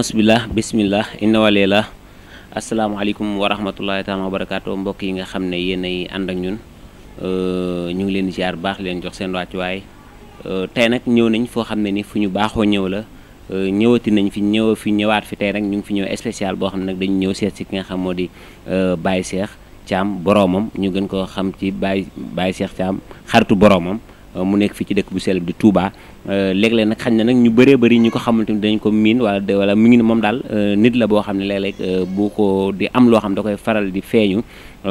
ansbillah bisimillah inna waleela asalaamaaleykum wa rahmatullahi taala wa barakaatu mbokk yi nga xam ne yéen ay ànd ak ñun euh, ñu ngi leen di ziar baax leen jox seen wàccuwaay euh, tey nag ñëw nañ foo xam ne ni fu ñu baaxoo ñëw la euh, ñëwati nañ fi ñëw fi ñëwaat fi tey nag ñu ngi fi ñëw spécial boo xam ne nag dañu ñëw seet si ki nga xam moo di Baye Cheikh Thiam boroomam ñu gën koo xam ci Baye Baye Cheikh Thiam xaritu boroomam mu nekk fi ci dëkk bu sell di Touba. Euh, léeg-léeg nag xañ na nag ñu bëree bëri ñu ko xamul tamit dañ ko miin wala wala mi ngi ne moom daal euh, nit la boo xam ne léeg-léeg euh, bu ko di am loo xam da koy faral di feeñu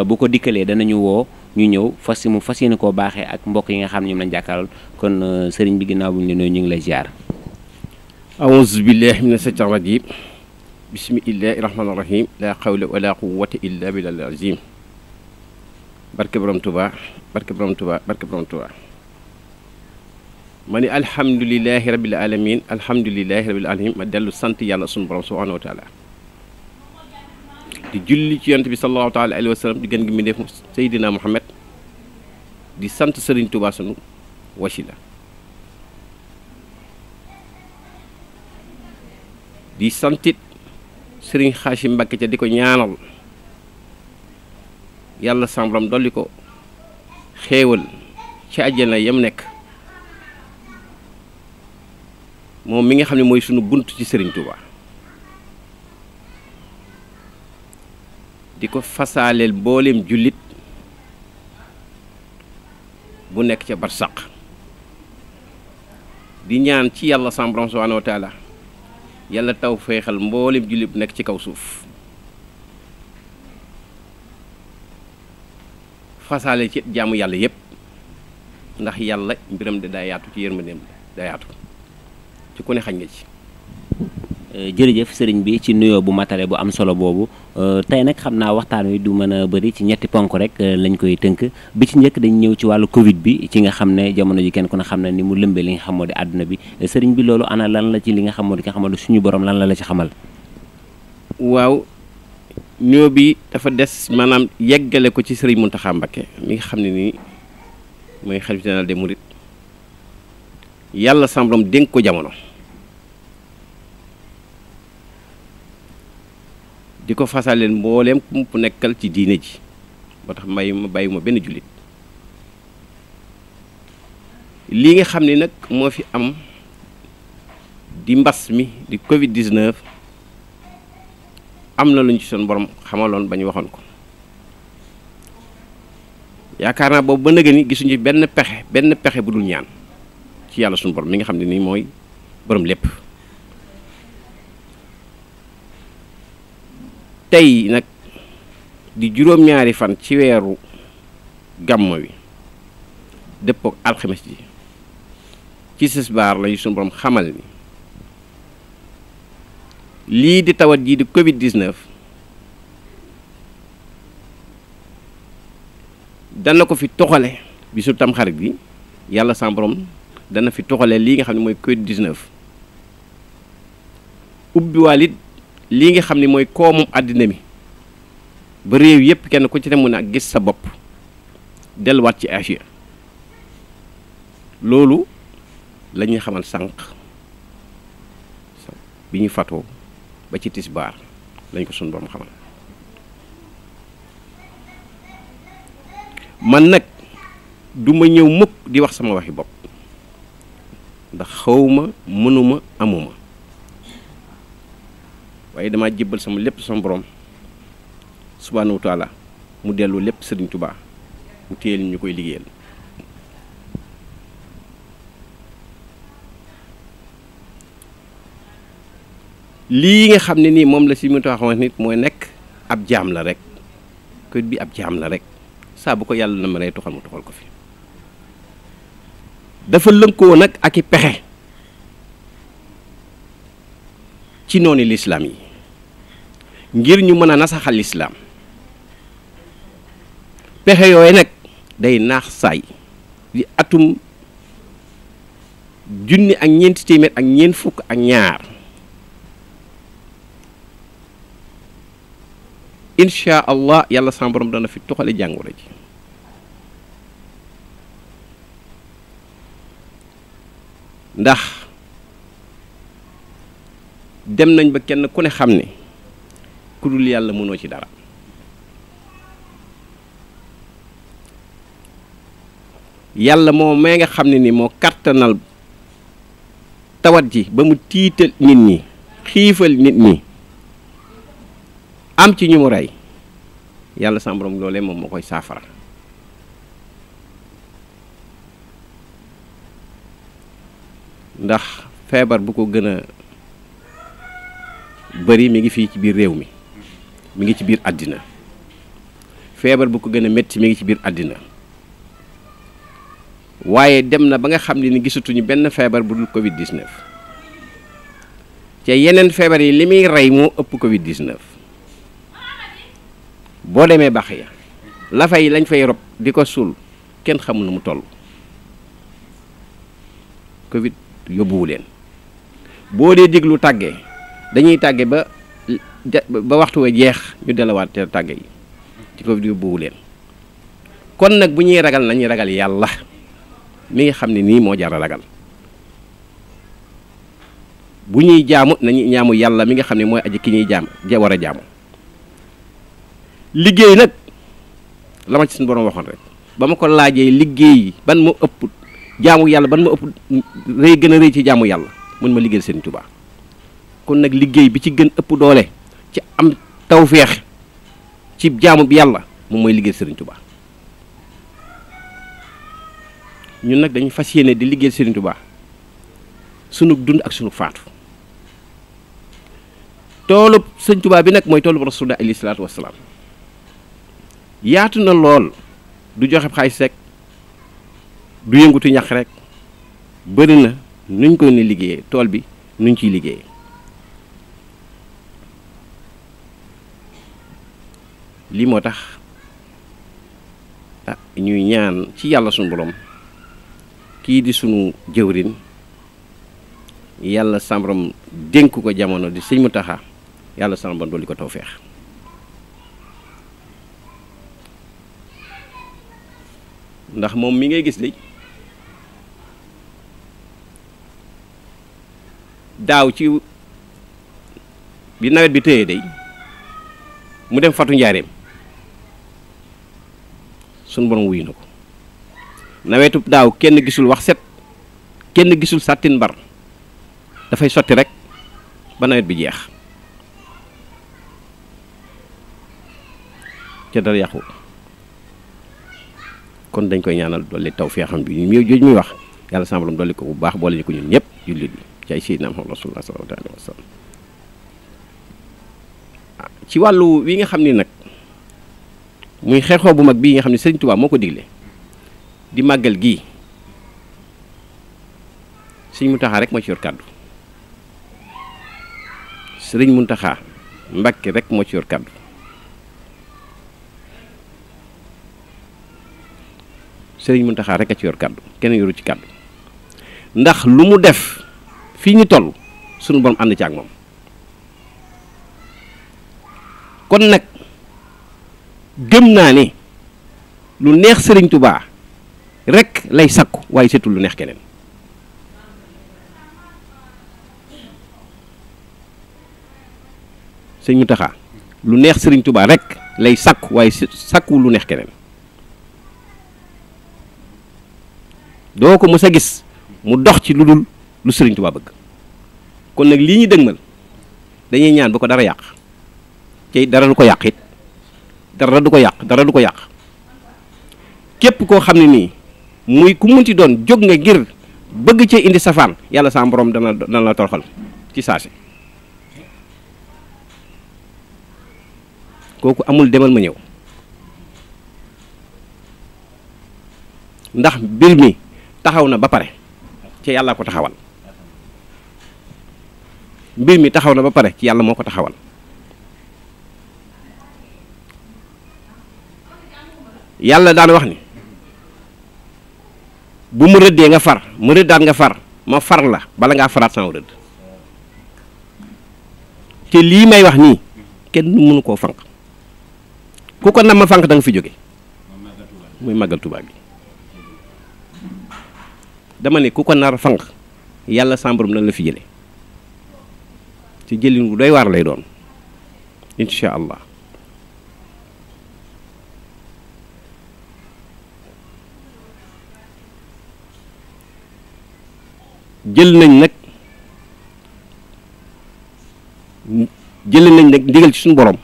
bu ko dikkalee danañu woo ñu ñëw fas mu fas yéene ko baaxee ak mbokk yi nga xam ne ñoom lañ jàkkaaral kon sëriñ bi ginnaaw bu ñu la ñu ngi lay ziar. aouzu billahi mina shaytaani rajim bismillahi rahmaani rahim la xawla wala quwwata illa billahil azim barke borom Tuubaa barke borom ma ni alhamdulilahi rabil alamin alhamdulilahi rabil alamin ma dellu sant yàlla sunu borom subhanahu wa di julli ci yonent bi sallallahu taala alayhi wa di gën gi mu def Seydina Muhammad di sant Serigne Touba sunu wasila di santit Serigne Xaasim Mbàkke ca di ko ñaanal yàlla sàmbaram dolli ko xéewal ci àjjana yam nekk moom mi nga xam ne mooy sunu bunt ci sëriñ Touba di ko fasaaleel mbooleem jullit bu nekk ca barsaq di ñaan ci yàlla sama borom subhanahu yàlla taw feexal mboolem jullit bu nekk ci kaw suuf fasaale ci jaamu yàlla yépp ndax yàlla mbiram de daayaatu ci yërmandeem daa ci ku ne xañ nga ci. Euh, jërëjëf sëriñ bi ci nuyoo bu matale bu am solo boobu euh, tey nag xam naa waxtaan wi du mën a bëri ci ñetti ponk rek euh, lañ koy tënk bi ci njëkk dañ ñëw ci wàllu Covid bi ci nga xam ne jamono ji kenn kon ne xam ne ni mu lëmbee li nga xamoo di àdduna bi sëriñ bi loolu ana lan la ci li nga xamoo di nga xamal suñu borom lan la la ci xamal. waaw nuyoo bi dafa des maanaam yeggale ko ci sëriñ Mountakha Mbacké mi nga xam ne nii mooy xalifa général des yàlla sàmm dénk ko jamono. di ko fasal leen mbooleem ku mu nekkal ci diine ji ba tax may ma bàyyiwuma benn jullit lii nga xam ni nag moo fi am di mbas mi di Covid 19 am na lu ñu ci seen borom xamaloon ba ñu waxoon ko yaakaar naa boobu ba nëgë ni gisuñu benn pexe benn pexe bu dul ñaan ci yàlla suñu borom mi nga xam ne nii mooy boroom lépp. tey nag di juróom-ñaari fan ci weeru gàmmo bi dëppook alxames ji ci sisbaar lañu sunu borom xamal ni lii di tawat jii di covid 19 dana ko fi toxale bi su tamxarit bi yàlla sama borom dana fi toxale lii nga xam ne mooy covid 19 ubbiwaal it lii nga xam ni mooy koomum àddina mi ba réew yépp kenn ku ci ne mun a gis sa bopp delluwaat ci Asia loolu la ñuy xamal sànq bi ñu fatoo ba ci tisbaar lañ ko sun borom xamal man nag duma ñëw mukk di wax sama waxi bopp ndax xawma mënuma amuma waaye damaa jébbal sama lépp sama borom subhaanahu wa mu dellu lépp sëriñ tubaa mu téyel ñu koy liggéeyal lii nga xam ne nii moom la si mu nit mooy nekk ab jaam la rek kër bi ab jaam la rek saa bu ko yàlla na ma rey toxal mu toxal ko fi dafa lënkoo nag ak i pexe ci noonu lislaam yi ngir ñu mën a nasaxal islaam pexe yooyu nag day naax saay di atum junni ak ñeent fukk ak ñaar incha allah yàlla sama borom dana fi tuxale jàngoro ji ndax dem nañ ba kenn ku ne xam ne ku dul yàlla mënoo ci dara yàlla moo may nga xam ne ni moo kattanal tawat ji ba mu tiital nit ñi xiifal nit ñi am ci ñu mu rey yàlla sa borom moom moo koy saafara ndax feebar bu ko gën a bari mi ngi fii ci biir réew mi mi ngi ci biir àddina feebar bu ko gën a métti mi ngi ci biir àddina waaye dem na ba nga xam ne ni gisatuñu benn feebar bu dul Covid te yeneen feebar yi li muy rey moo ëpp Covid 19 boo demee baax ya la lañ fay rob di ko suul kenn xamul nu mu toll Covid yóbbuwu leen boo dee diglu tàggee dañuy tàgge ba. ba waxtu wa jeex ñu delawaat te tàgg yi ci ko di buwu leen kon nag bu ñuy ragal nañuy ragal yàlla mi ngi xam ne nii moo jar a ragal bu ñuy jaamu nañu ñaamu yàlla mi nga xam ne mooy aji ki ñuy jaam ja war a jaamu liggéey nag la ma ci suñu waxoon rek ba ma ko laajee liggéey ban mu ëpp jaamu yàlla ban mu ëpp rëy gën a rëy ci jaamu yàlla mun ma liggéeyal seen tubaa kon nag liggéey bi ci gën ëpp doole ci am tawféex ci jaamu bi yàlla moom mooy liggéey Serigne Touba ñun nag dañu fas yéene di liggéey Serigne Touba sunu dund ak sunu faatu toolub Serigne Touba bi nag mooy toolub rasulullah alayhi salaatu wasalaam yaatu na lool du joxe xaalis rek du yëngutu ñax rek bëri na nuñ ko ne liggéeyee tool bi nuñ ciy liggéeyee. lii moo tax ah ñuy ñaan ci yàlla sunu kii di sunu jëwrin yàlla sàmbaram dénk ko jamono di sëñ taxa yàlla sàmbaram li ko tawféex ndax moom mi ngay gis de daaw ci bi nawet bi tëyee de mu dem fatu njaareem suñu borom wuyu na ko nawetu daaw kenn gisul wax set kenn gisul sàttin mbar dafay sotti rek ba nawet bi jeex ca dara yàqu kon dañ koy ñaanal dolli taw fee xam bi ñu muy jooju muy wax yàlla sama dolli ko bu baax boole ñu ko ñun ñëpp jullit bi ci ay sayyidina Muhammad rasulullah sallallahu alayhi wa sallam ah, ci wàllu wi nga xam ni nag muy xeexoo bu mag bii nga xam ne sëriñ Tuubaa moo ko digle di màggal gii sëriñ Muntaxa rek moo ci yor kàddu sëriñ Muntaxa Mbàkke rek moo ci yor kàddu sëriñ Muntaxa rek a ci yor kàddu kenn yoru ci kàddu ndax lu mu def fii ñu toll sunu borom ànd ci ak moom kon nag gëm naa ne lu neex sëriñ tubaa rek lay sakku waaye setul lu neex keneen sëñ lu neex sëriñ tubaa rek lay sakku waaye sakku lu neex keneen doo ko mës a gis mu dox ci lu dul lu sëriñ tubaa bëgg kon nag lii ñu dëgmal dañuy ñaan ba ko dara yàq te dara lu ko yàq it dara du ko yàq dara du ko yàq képp koo xam ne nii muy ku munti doon jóg nga ngir bëgg cee indi safaan yàlla saa borom dana dana la toroxal ci saasi kooku amul demal ma ñëw ndax mbir mi taxaw na ba pare ci yàlla ko taxawal mbir mi taxaw na ba pare ci yàlla moo ko taxawal yàlla daan wax ni bu mu rëddee nga far mu rëddaat nga far ma far la bala ngaa faraat sama rëdd te lii may wax nii kenn mënu koo fanq ku ko nam ma fanq da fi jóge muy màggal Tuubaa bi dama ne ku ko nar fanq yàlla sàmbarum na la fi jële ci jëlin bu doy waar lay doon incha allah jël nañ nag jël nañ nag ndigal ci suñu borom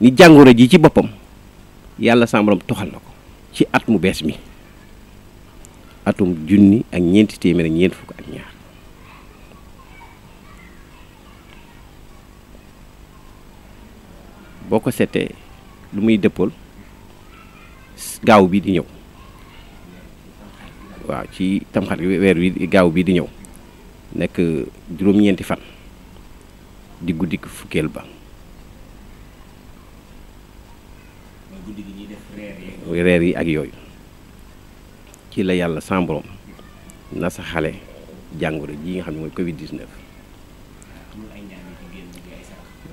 ni jàngoro ji ci boppam yàlla sama borom toxal na ko ci at mu bees mi atum junni ak ñeenti téeméer ñeent fukk ak ñaar boo ko seetee lu muy dëppool gaaw bi di ñëw waaw ci tamxarit weer wi gaaw bii di ñëw nekk juróom-ñeenti fan di guddik fukkeel ba reer yi ak yooyu ci la yàlla sàmborom na sa xale jàngoro ji nga xam ne mooy covid 19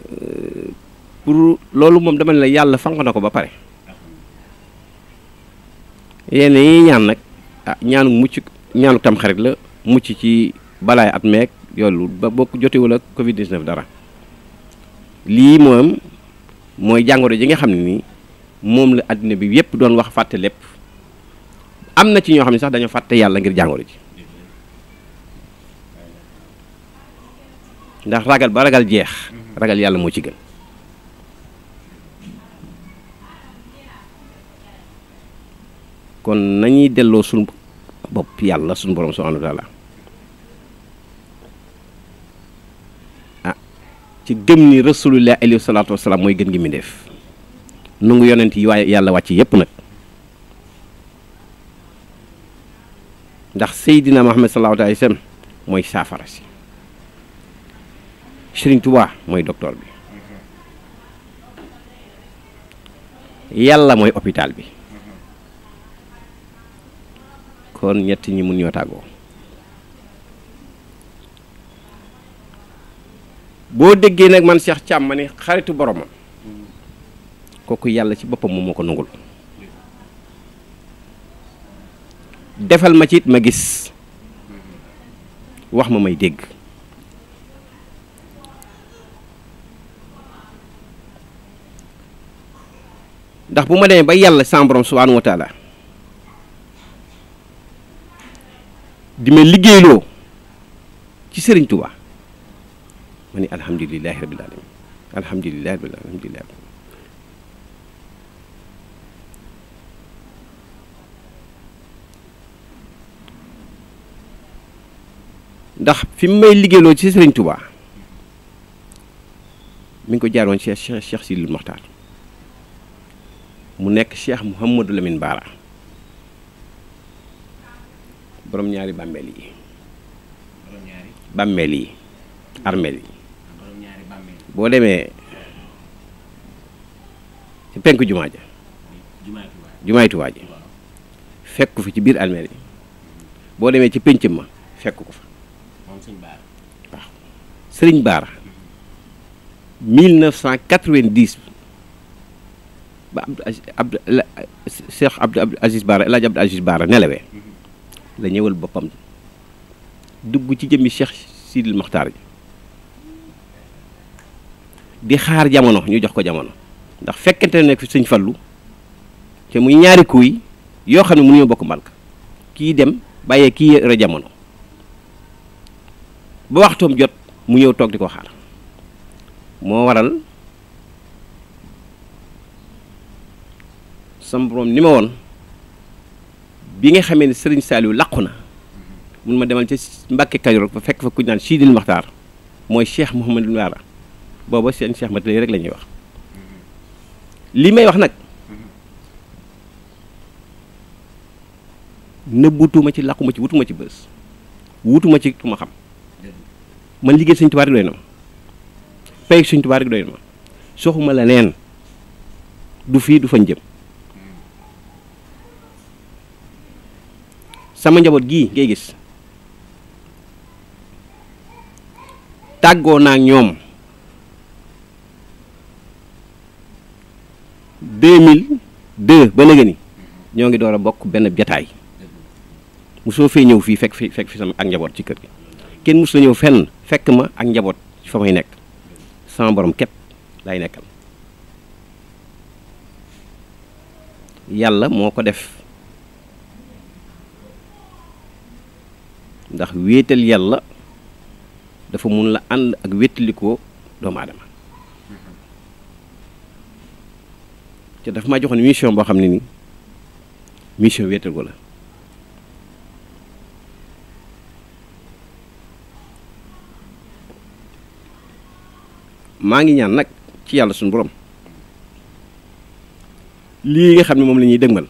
euh, pour loolu moom dama ne la yàlla fanq na ko ba pare yéen yi ñaan nag ah ñaanu mucc ñaanu tam xarit la mucc ci balaay at meeg yoolu ba bokk jotewul ak Covid 19 dara lii moom mooy jàngoro ji nga xam ne nii moom la àddina bi yépp doon wax fàtte lépp am na ci ñoo xam ne sax dañoo fàtte yàlla ngir jàngoro ji ndax ragal ba ragal jeex ragal yàlla moo ci gën kon nañuy delloo suñu bopp yàlla suñu borom subhaanahu wa taala ah, ci gëm ni rasulullah alayhi salaatu wasalaam mooy gën gi mi def nu ngi yonent yi waaye yàlla wàcc yépp nag ndax seydina Muhammad sallallahu alayhi wasallam mooy saafara si Sëriñ Tuubaa mooy docteur bi yàlla mooy hôpital bi kon ñett ñi mun ñoo tàggoo boo déggee nag man Cheikh Thiam ma ni xaritu boromam kooku yàlla ci boppam moom moo ko nangul defal ma ci it ma gis wax ma may dégg ndax bu ma demee ba yàlla sama borom subhaanahu wa di ma liggéeyloo ci sëriñ Touba ma ni alhamdulilahi rabil alamin alhamdulilahi ndax fi mu may liggéeyloo ci sëriñ Touba mi ngi ko jaaroon Cheikh Cheikh Cheikh mu nekk Cheikh Mouhamadou Lamine Baara borom ñaari bàmmeel yi bàmmeel yi armeel yi boo demee ci penku jumaa ja jumaay Tuubaa fekk fa ci biir armeel yi boo demee ci pénc ma fekk ko fa waaw sëriñ Baara 1990 ba Abdou Abdou Cheikh Abdou Baara El Hadj Abdou Baara nelawee mhm. la ñëwal boppam dugg ci jëmmi Cheikh Sidil Maxtaar ji di xaar jamono ñu jox ko jamono ndax fekkente ne nekk fi sëñ Fallu te muy ñaari kuy yoo xam ne mënuñoo bokk mbalka kii dem bàyyee kii yore jamono ba waxtoom jot mu ñëw toog di ko xaar moo waral sam borom ni ma woon bi nga xamee ne sëriñ Saliou làqu na mun ma demal ci Mbàkke Kajoor ba fekk fa ku ñu naan Sidil Maxtaar mooy Cheikh Mouhamadou Waara booba seen Cheikh Matalay rek la ñuy wax lii may wax nag nëbbutuma ci làquma ci wutuma ci bës wutuma ci ku xam man liggéey Sëriñ Tuubaa rek doy na ma pay Sëriñ Tuubaa rek doy na ma soxuma la neen du fii du fañ jëm sama njaboot gii ngay gis tàggoo naa ñoom deux mille deux ba léegi ñoo ngi door a bokk benn jataay mosoo fee ñëw fii fekk fi fekk fi sama ak njaboot ci kër gi kenn mosoo ñëw fenn fekk ma ak njaboot ci fa may nekk sama borom képp lay nekkal yàlla moo ko def ndax wéetal yàlla dafa mun la ànd ak wéttalikoo doomu adama te dafa ma joxoon mission boo xam ne ni mission wéetal ko maa ngi ñaan nag ci yàlla suñu borom lii nga xam ne moom la ñuy dëgmal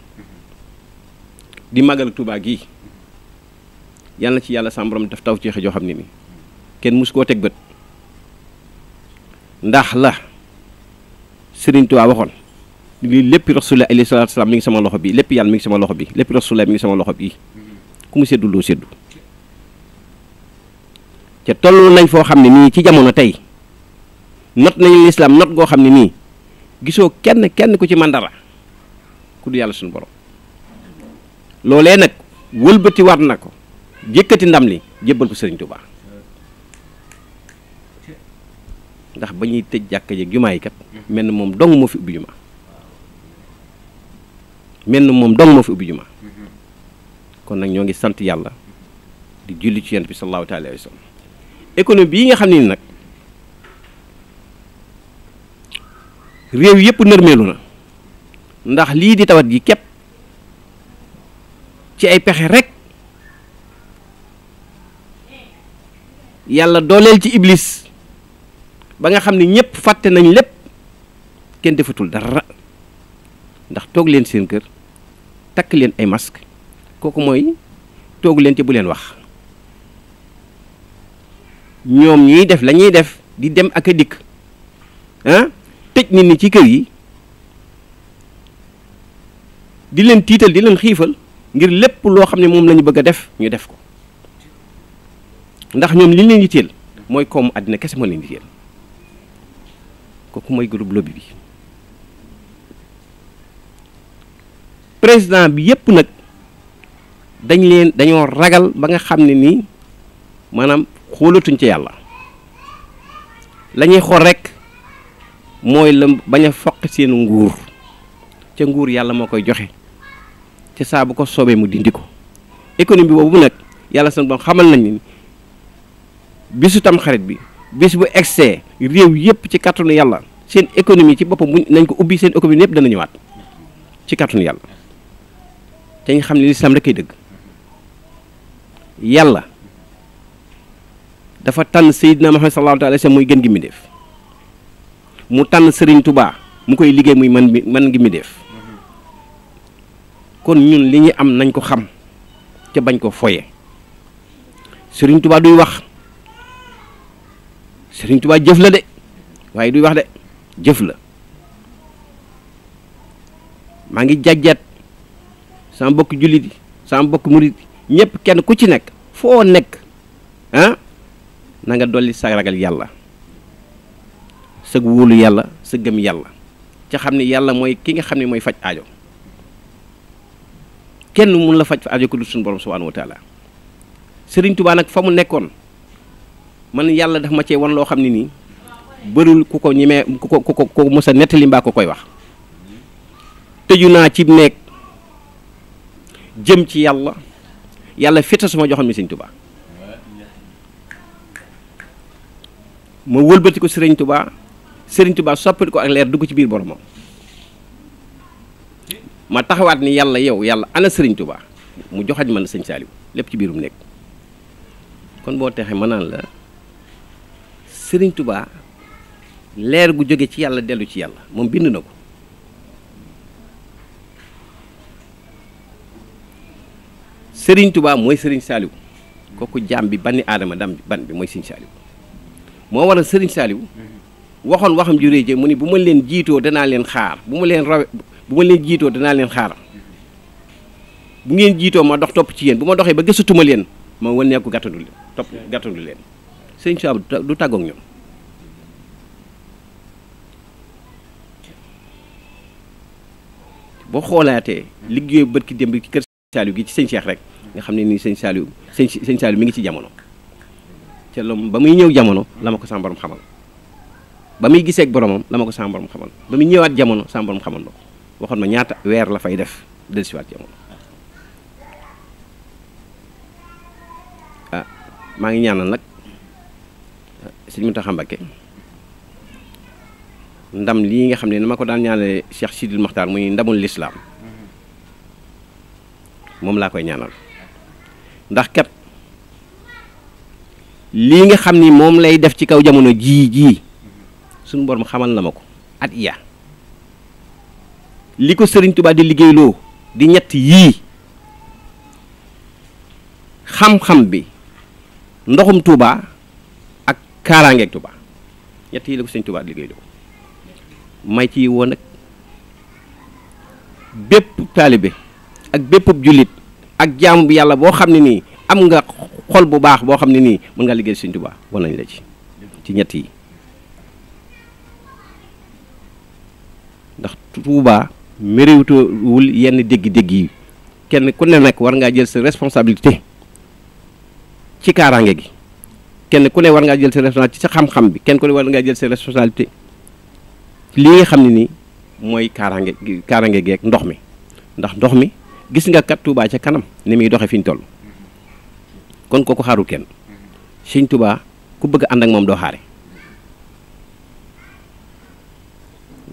di màggal Tuubaa gii yal na ci yàlla sama borom daf taw ceexe joo xam ne ni kenn mus koo teg bët ndax la Sëriñ Tuubaa waxoon lii lépp rasulullah alayhi salaatu salaam mi ngi sama loxo bii lépp yàlla mi ngi sama loxo bi lépp ngi sama loxo bi ku mu séddu loo séddu ca toll nañ foo xam ne nii ci jamono tey not nañu lislaam not goo xam ne nii gisoo kenn kenn ku ci mandara ku du yàlla suñu borom loolee nag wëlbati war na ko yëkkati ndam li jébbal ko Serigne Touba ndax ba ñuy tëj jàkka jeeg jumaa yi kat mel na moom dong moo fi ubbi jumaa mel na moom dong moo kon nag ñoo ngi sant yàlla di julli ci yonent bi sallallahu taala alayhi wa sallam économie bii nga xam ne ni nag réew yëpp nërmeelu na ndax lii di tawat gi képp ci ay pexe rek yàlla dooleel ci iblis ba nga xam ne ñëpp fàtte nañ lépp kenn defatul dara ndax toog leen seen kër takk leen ay masque kooku mooy toog leen ci bu leen wax ñoom ñuy def lañuy def di dem ak a dikk ah tëj nit ñi ci kër yi di leen tiital di leen xiifal ngir lépp loo xam ne moom lañu bëgg a def ñu def ko ndax ñoom li leen yitteel mooy koomu àddina kese moo leen yitteel kooku mooy groupe lobby bi président bi yépp nag dañ leen dañoo ragal ba nga xam ne nii maanaam xoolatuñ ci yàlla lañuy ñuy xool rek mooy la bañ a foq seen nguur ca nguur yàlla moo koy joxe ca saa bu ko soobee mu dindi ko économie boobu nag yàlla seen boom xamal nañ ni bisu tam xarit bi bis bu egsee réew yëpp ci kàttanu yàlla seen économie ci boppam nañ ko ubbi seen économie yëpp dana ñëwaat ci kàttanu yàlla te ñu xam ne lislaam rek ay dëgg yàlla dafa tànn Seydina Muhammad sallallahu alayhi wa sallam muy gën gi mi def mu tànn Serigne Touba mu koy liggéey muy man mi man gi mi def kon ñun li ñu am nañ ko xam te bañ ko fooye Serigne Touba duy wax. Serigne Touba jëf la de waaye duy wax de jëf la maa ngi jajjaat sama mbokk jullit yi sama mbokk murit ñëpp kenn ku ci nekk foo nekk nanga ah, na nga dolli sa ragal yàlla sëg wóolu yàlla sa gëm yàlla ca xam ne yàlla mooy ki nga xam ne mooy faj aajo kenn mun la faj fa aajo ko du suñu borom subhanahu wa taala Serigne nag fa mu nekkoon man yàlla daf ma cee wan loo xam ne nii bërul ku ko ñemee ku ko ku ko ku mos nettali mbaa ko koy wax tëju naa ci néeg jëm ci yàlla yàlla fete suma joxam mi sëñ tubaa ma wëlbati ko sëriñ tubaa sëriñ tubaa soppati ak leer dugg ci biir boromam ma taxawaat ni yàlla yow yàlla ana sëriñ tubaa mu joxañ man sëñ saaliw lépp ci biirum nekk kon boo texee ma naan la sëriñ tubaa leer gu jóge ci yàlla dellu ci yàlla moom bind na ko sëriñ tubaa mooy sëriñ saaliw kooku jaam bi banni aadama dam ban bi mooy sëriñ saaliw moo waral sëriñ saaliw waxoon waxam ju réy mu ni bu ma leen jiitoo danaa leen xaar bu ma leen rawe jiitoo danaa leen xaar bu ngeen jiitoo ma dox topp ci yeen bu ma doxee ba gësatuma leen ma wan neeku gàttandu leen topp gàttandu leen sëñ Tuubaa du tàggoog ñoom boo xoolaatee liggéey bët ki démb ci kër Saliou gi ci sëñ Cheikh rek nga xam ne nii sëñ Saliou sëñ sëñ Saliou mi ngi ci jamono te loolu ba muy ñëw jamono la ma ko sama borom xamal ba muy gisee ak boromam la ma ko sama borom xamal ba muy ñëwaat jamono sama borom xamal ma ko waxoon ma ñaata weer la fay def dellusiwaat jamono ah, maa ngi ñaanal nag. sëñ Mountakha Mbacké ndam lii nga xam ne ni ma ko daan ñaanale Cheikh Sidil Makhtar muy ndamul lislaam moom laa koy ñaanal ndax kat lii nga xam ni moom lay def ci kaw jamono jii jii suñu borom xamal na ma ko at iya li ko sëriñ Tuubaa di liggéeyloo di ñett yii xam-xam bi ndoxum Tuubaa kaaraangeeg Touba ñett yi la ko sëñ Touba liggéey loo may ci woon nag bépp taalibe ak bépp jullit ak jaamu yàlla boo xam ne nii am nga xol bu baax boo xam ne nii mën nga liggéey sëñ Touba wan la ci ci ñett yi ndax Touba mériwutowul yenn dégg-dégg yi kenn ku ne nag war ngaa jël sa responsabilité ci kaaraange gi kenn ku ne war ngaa jël sa responsabilité ci sa xam-xam bi kenn ku ne war ngaa jël sa li nga xam ne nii mooy kaaraange kaaraange geeg ndox mi ndax ndox mi gis nga kat Touba ca kanam ni muy doxe fi ñu toll kon kooku xaarul kenn siñ Touba ku bëgg ànd ak moom doo xaare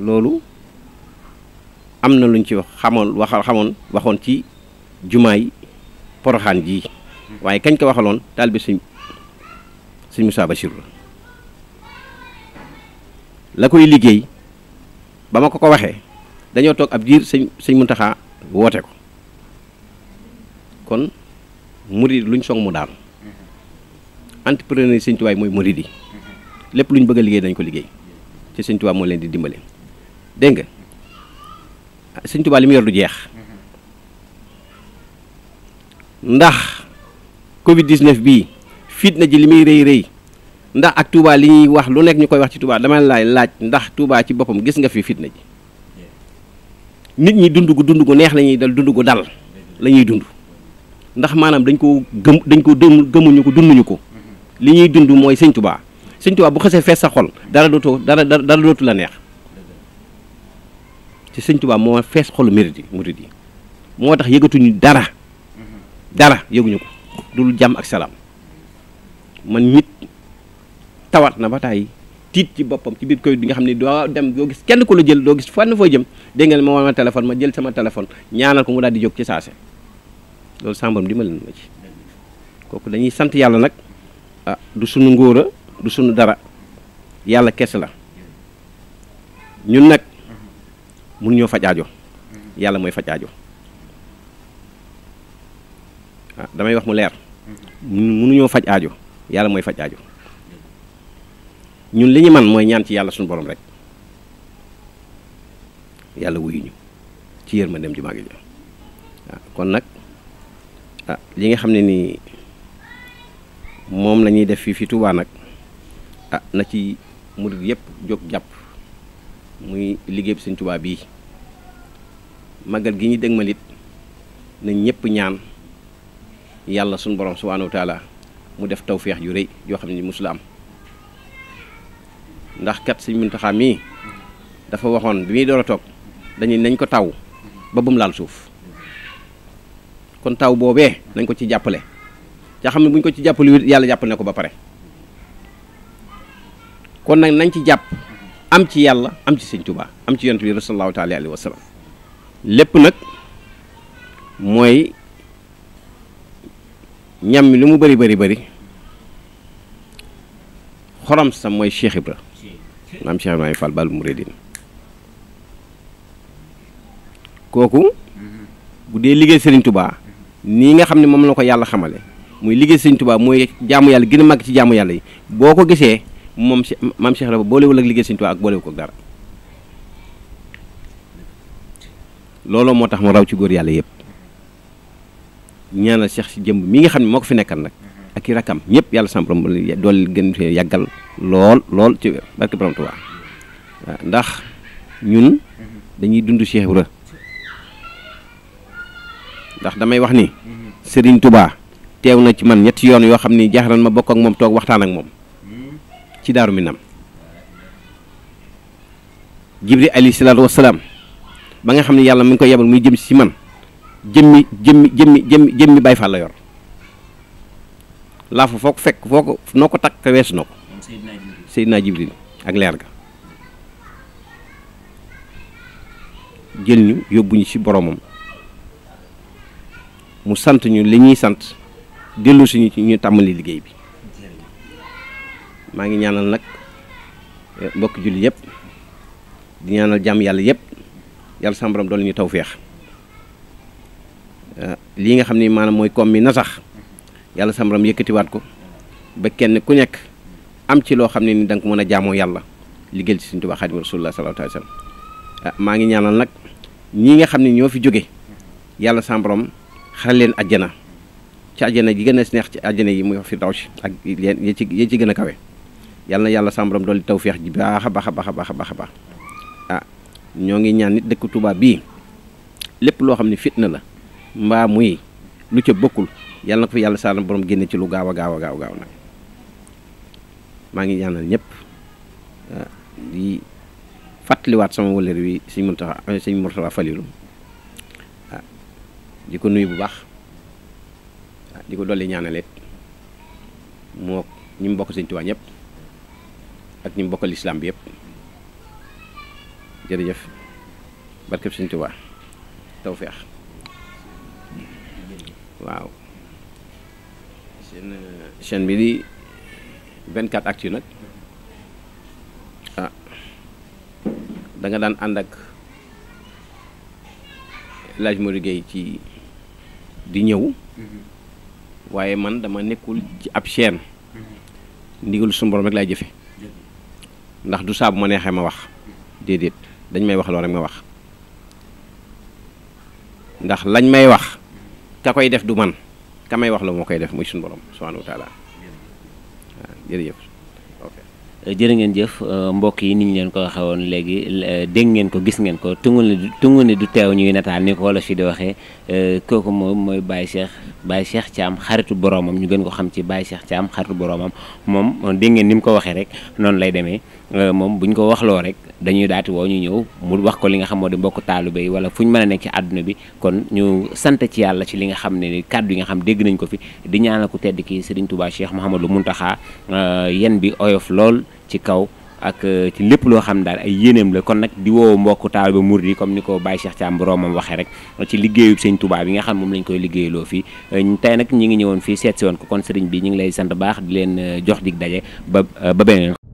loolu am na luñ ci wax xamoon wax waxoon ci jumaa yi poroxaan jii waaye kañ ko waxaloon taal bi suñ sëñ Moussa Bachir la koy liggéey ba ma ko ko waxee dañoo toog ab diir sëñ sëñ taxa woote ko kon murid luñ song mu daal entrepreneur yi sëñ mooy murid yi lépp luñ bëgg a liggéey dañ ko liggéey ci sëñ Tuubaa moo leen di dimbale dégg nga sëñ Tuubaa li mu yor du jeex ndax Covid 19 bii. fitna ji li muy rëy rëy ndax ak Touba li ñuy wax lu nekk ñu koy wax ci Touba dama laay laaj ndax Touba ci boppam gis nga fi fitna ji nit ñi dund gu dund gu neex lañuy ñuy dal dund gu dal la ñuy dund ndax maanaam dañ ko gëm dañ koo dëm gëmuñu ko dunduñu ko li ñuy dund mooy sëñ Touba sëñ Touba bu xasee fees sa xol dara dootu dara dara la neex ci sëñ Touba moo fees xolu murid yi murid yi moo tax yëgatuñu dara dara yëguñu ko dul jàmm ak salaam man nit tawat na ba tàyyi tiit ci boppam ci biir Covid bi nga xam ne doo dem doo gis kenn ku la jël doo gis fànn foo jëm dégg nga ne ma woo ma téléphone ma jël sama téléphone ñaanal ko mu daal di jóg ci saase loolu sàmbam dimbali na ma ci kooku dañuy sant yàlla nag ah, du sunu ngóora du sunu dara yàlla kese la ñun nag mun ñoo faj aajo yàlla mooy faj aajo ah damay wax mu leer mm-hmm. mënuñoo faj aajo yàlla mooy faj aajo ñun li ñu man mooy ñaan ci yàlla suñu borom rek yàlla wuyuñu ci yërmandeem ju màgg ji waaw kon nag ah li nga xam ne nii moom la ñuy def fii fi Touba nag ah na ci murid yëpp jóg jàpp muy liggéey bi Sëñ Touba bii màggal gi ñu dégmalit nañ ñëpp ñaan yàlla suñu borom subhaanahu wa mu def tawféex yu rëy yoo xam ne mosula am ndax kat sëñ Muntaxa mii dafa waxoon bi muy door a toog dañuy nañ ko taw ba bum laal suuf kon taw boobee nañ ko ci jàppale ca xam ne buñ ko ci jàppale yàlla jàpp na ko ba pare kon nag nañ ci jàpp am ci yàlla am ci sëñ Tuubaa am ci yonent bi sallallahu taala alayhi wa sallam lépp nag mooy ñam mi lu mu bari bari bari xorom sa mooy Cheikh Ibra maam Cheikh Ibrahima Fall Baal Mouridine kooku bu dee liggéey Serigne tubaa nii nga xam ne moom la ko yàlla xamale muy liggéey Serigne tubaa mooy jaamu yàlla gën a màgg ci jaamu yàlla yi boo ko gisee moom si maam Cheikh Ibrahima boolewul ak liggéey Serigne Touba ak boolewu ko dara looloo moo tax mu raw ci góor yàlla yëpp. ñaanal seex si jëmb mi nga xam ne moo ko fi nekkal nag ak i rakam ñëpp yàlla sam borom dool gën yàggal lool lool ci barke borom Tuubaa ndax ñun dañuy dund Cheikh Ibra ndax damay wax ni Serigne Touba teew na ci man ñetti yoon yoo xam ni jaaxaran ma bokk ak moom toog waxtaan ak moom ci daaru Minam Jibril alayhi salaatu wasalaam ba nga xam ne yàlla mi ngi ko yebal muy jëm si man jëmmi jëmmi jëmmi jëmmi jëmmi Baay Faal la yor laafu foo ko fekk foo ko noo ko takk weesu na ko Seydina Jibril ak leer ga jël ñu yóbbu ñu ci boromam mu sant ñu li ñuy sant dellu si ñu ci ñu tàmbali liggéey bi maa ngi ñaanal nag eh, mbokk julli yëpp di ñaanal jàmm yàlla yëpp yàlla sàmbaram doon ñu feex lii nga xam ni maanaam mooy koom mi na sax yàlla samram yëkkatiwaat ko ba kenn ku nekk am ci loo xam ne ni da ko mën a jaamoo yàlla liggéeyal ci Sëriñ Tuubaa Xaadimu Rasuulillah sallallaahu alayhi ah, maa ngi ñaanal nag ñii nga xam ne ñoo fi jóge yàlla samram xaral leen ajjana ci ajjana ji gën a neex ci ajjana yi muy fi daw si ak leen yi ci yi ci gën a kawe yàlla yàlla samram dool tawféex taw feex a baax a baax a baax baax a baax ah ñoo ngi ñaan nit dëkk Tuubaa bii lépp loo xam ne fitna la mbaa muy lu ca bokkul yàlla na ko fi yàlla saa boroom génne ci lu gaaw a gaaw gaaw gaaw nag maa ngi ñaanal ñëpp ah, di fàttaliwaat sama wëllër wi sëñ Mountakha eh, sëñ Mourtala Falilou ah, di ko nuyu bu baax ah, di ko dolli ñaanaleet moo ñi mu bokk sëñ Tuubaa ñëpp ak ñu mu bokkal lislaam bi yëpp jërëjëf barkeb sëñ Tuubaa tawfeex waaw seen chaîne bi di 24 actu nag ah. danga daan ànd ak laaj Modou Gueye ci di ñëw mm-hmm. waaye man dama nekkul ci ab chaîne mm-hmm. ndigal suñu borom laay jëfe mm-hmm. ndax du saabu ma neexee ma wax déedéet dañ may wax loolu nga wax ndax lañ may wax ka koy def du man ka may wax la moo koy def muy suñu borom subhanahu wa taala waaw jërëjëf ngeen jëf euh, mbokk yi ni ñu leen ko waxee woon léegi dégg ngeen ko gis ngeen ko tungu ne ne du teew ñuy nataal ni ko wala fi di waxee euh, kooku moom mooy Baye Cheikh Baye Cheikh Thiam xaritu boromam ñu gën ko xam ci Baye Cheikh Thiam xaritu boromam moom dégg ngeen ni mu ko waxee rek noonu lay demee euh, moom bu ko wax loo rek. dañuy daati woo ñu ñëw mu wax ko li nga xamoo moo di mbokk taalibe yi wala fu ñu mën a nekk ci bi kon ñu sant ci yàlla ci li nga xam ne ni kàddu yi nga xam dégg nañ ko fi di ñaanal ku tedd kii Serigne Touba Cheikh Mouhamadou Mountakha euh, yen bi oyof lool ci kaw ak euh, ci lépp loo xam daal ay yéeneem la kon nag di woo mbokk taalibe murid yi comme ni ko Baye Cheikh Thiam boroomam waxee rek ci liggéeyub sëñ Touba bi nga xam moom lañ koy liggéeyloo fii euh, tey nag ñi ngi ñëwoon fii seet si woon ko kon seriñ bi ñu ngi lay sant baax di leen jox dig daje ba ba beneen